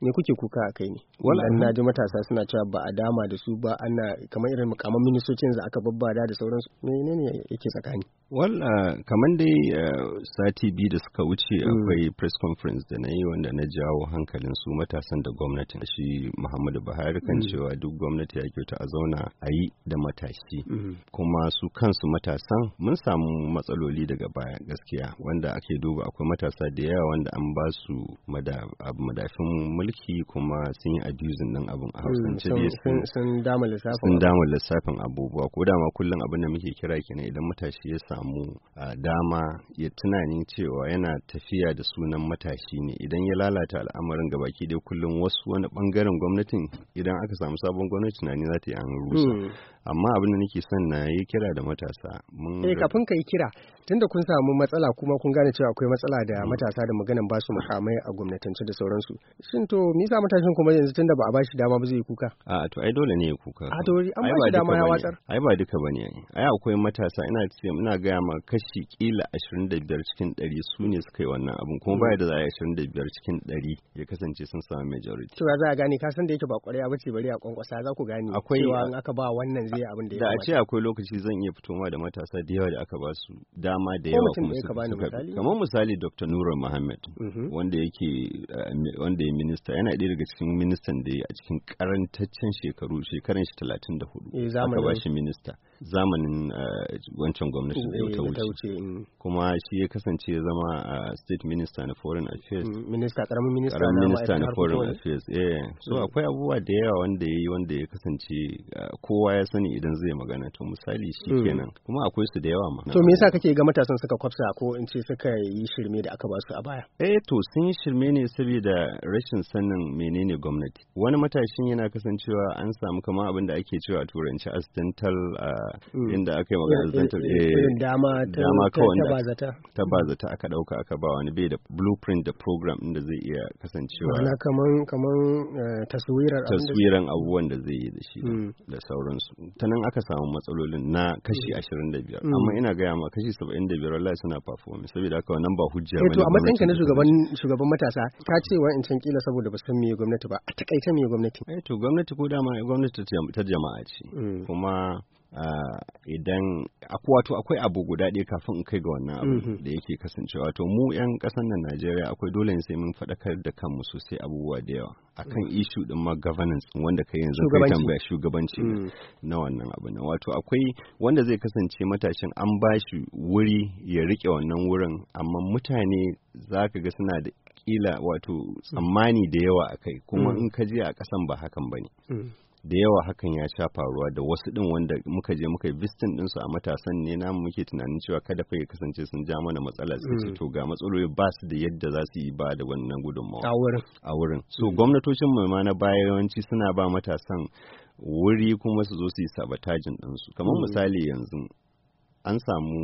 me kuke kuka a kai ne wannan na ji matasa suna cewa ba a dama da su ba ana kamar irin mukamman ministocin da aka babbada da sauransu menene yake tsakani wal uh, kamar dai uh, sati biyu da suka wuce mm. akwai press conference da na yi wanda na jawo hankalin su matasan da gwamnati shi Muhammadu Buhari kan mm. cewa duk gwamnati ya kyauta a zauna a yi da matashi mm. kuma su kansu matasan mun samu matsaloli daga baya gaskiya wanda ake duba akwai matasa da yawa wanda an ba su madafin mulki mulki kuma sun yi abusing nan abin a hausance hmm, sun dama lissafin sun dama lissafin abubuwa ko dama kullum abin da muke kira kenan idan matashi ya samu dama ya tunani cewa yana tafiya da sunan matashi ne idan ya lalata al'amarin baki dai kullum wasu wani bangaren gwamnatin idan aka samu sabon gwamnati tunani za ta yi an rusa hmm. amma abin da nake son na yi kira da matasa mun eh kafin kai kira tunda kun samu matsala kuma kun gane cewa akwai matsala da hmm. matasa da maganan basu su mukamai a gwamnatance da sauransu shin to to me yasa matashin kuma yanzu tunda ba a bashi dama ba zai kuka a to ai dole ne ya kuka a to an bashi dama ya watsar ai ba duka bane ai akwai matasa ina ce ina gaya ma kashi kila 25 cikin 100 su ne suka yi wannan abun kuma baya da za a 25 cikin 100 ya kasance sun samu majority to za a gane ka san da yake ba ƙwarya bace bari a kwankwasa za ku gane akwai cewa in aka ba wannan zai abin da ya da a ce akwai lokaci zan iya fitowa da matasa da yawa da aka ba su dama da yawa kuma su kamar misali Dr. Nura Muhammad mm-hmm. wanda yake eh, wanda ya minista minista yana ɗaya daga cikin ministan da ya a cikin karantaccen shekaru shekaran shi talatin da hudu eh, aka ba shi minista zamanin eh, wancan gwamnati da eh, ta wuce mm. kuma shi ya kasance zama a eh, state minister na foreign affairs mm, minister karamin minister na minister na foreign affairs eh so mm. akwai abubuwa da yawa wanda yi wanda ya kasance kowa ya sani idan zai magana to misali shi kenan kuma akwai su da yawa ma to me yasa kake ga matasan suka kwafsa ko in ce suka yi shirme da aka ba su a baya eh to sun yi shirme ne saboda rashin sanin menene gwamnati wani matashin yana kasancewa an samu kama abin da ake cewa turanci accidental uh, Mm. inda aka yi magana zantar eh, dama dama kawai ta bazata aka dauka aka ba wani bai da blueprint da program inda zai iya kasancewa ma'ana kaman kaman eh, taswirar taswiran abubuwan da zai yi da shi mm. da sauransu ta nan aka samu matsalolin na kashi 25 mm. amma ina gaya ma kashi 75 wallahi suna perform saboda haka wannan ba hujja eh, bane to a matsayin ka na shugaban shugaban matasa ka ce wa in can kila saboda ba san me gwamnati ba a takaice me gwamnati eh to gwamnati ko dama gwamnati ta jama'a ce kuma ah, idan wato akwai abu guda ɗaya kafin in kai ga wannan abu mhm. da yake kasancewa to mu 'yan ƙasar nan Najeriya akwai dole ne sai mun faɗakar da kanmu sosai abubuwa da yawa akan mm. issue din ma governance wanda kai yanzu kai tambaya shugabanci mm. na wannan abu ne wato akwai wanda zai kasance matashin an bashi wuri ya rike wannan wurin amma mutane zaka ga suna da kila wato mm. tsammani da yawa akai kuma in ka je a ƙasan ba hakan bane da yawa hakan ya sha faruwa da wasu din wanda muka je muka bistin dinsu a matasan ne na muke tunanin cewa kada fa ya kasance sun ja mana matsala sai su mm. to ga matsaloli ba su da yadda za su yi ba da wannan gudunmawa a wurin a wurin so mm. gwamnatocin mai ma na baya yawanci suna ba matasan wuri kuma su zo su yi sabatajin dinsu kamar mm. misali yanzu an samu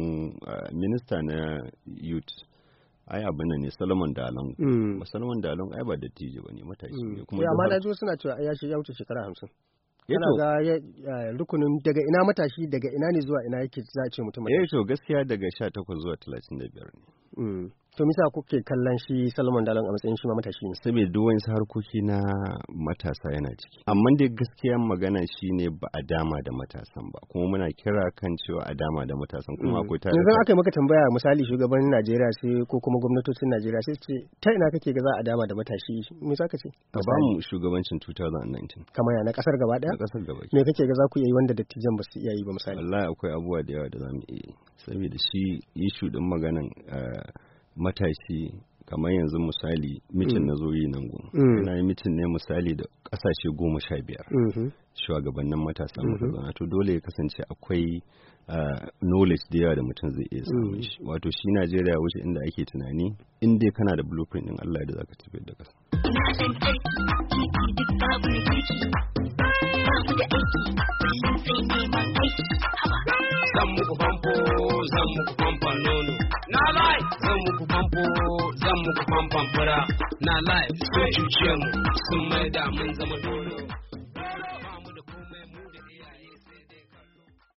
ah, minista na youth ai abin ne Solomon Dalon mm. salomon Dalon ai ba dattijo bane matashi ne kuma hmm. mana na suna cewa ya shi ya wuce shekara hamsin yana eh ga eh, rukunin daga ina matashi daga ina ne zuwa ina yake za a ce mutum eh to gaskiya daga 18 zuwa 35 ne Mm. To misa kuke kallon shi Salman Dalon a matsayin shi ma matashi ne. Saboda duk wani harkoki na matasa yana ciki. Amma dai gaskiya magana shi ne ba a dama da matasan ba. Kuma muna kira kan cewa a dama da matasan kuma mm. akwai tare. Yanzu aka maka tambaya misali shugaban Najeriya sai ko kuma gwamnatocin Najeriya sai ce ta ina kake ga za a dama da matashi me za ka ce? A ba mu shugabancin 2019. Kamar ya na kasar gaba daya? Na kasar gaba. Me kake ga za ku yi wanda dattijan ba su iya yi ba misali? Wallahi akwai abubuwa da yawa da za mu iya yi. Saboda shi yi din maganan eh, matashi kamar yanzu misali mitin mm. na zo yi nan ina mm. yi mitin ne misali da kasashe goma sha biyar mm-hmm. shugabannin matasa mm-hmm. to dole ya kasance akwai ah, knowledge da yawa da mutum zai iya samun mm. wato shi najeriya wuce inda ake tunani in kana da blueprint din allah da zaka tafi da kasa zan famfo zan muku famfan fura na live sun cuce mu sun da mun zama dole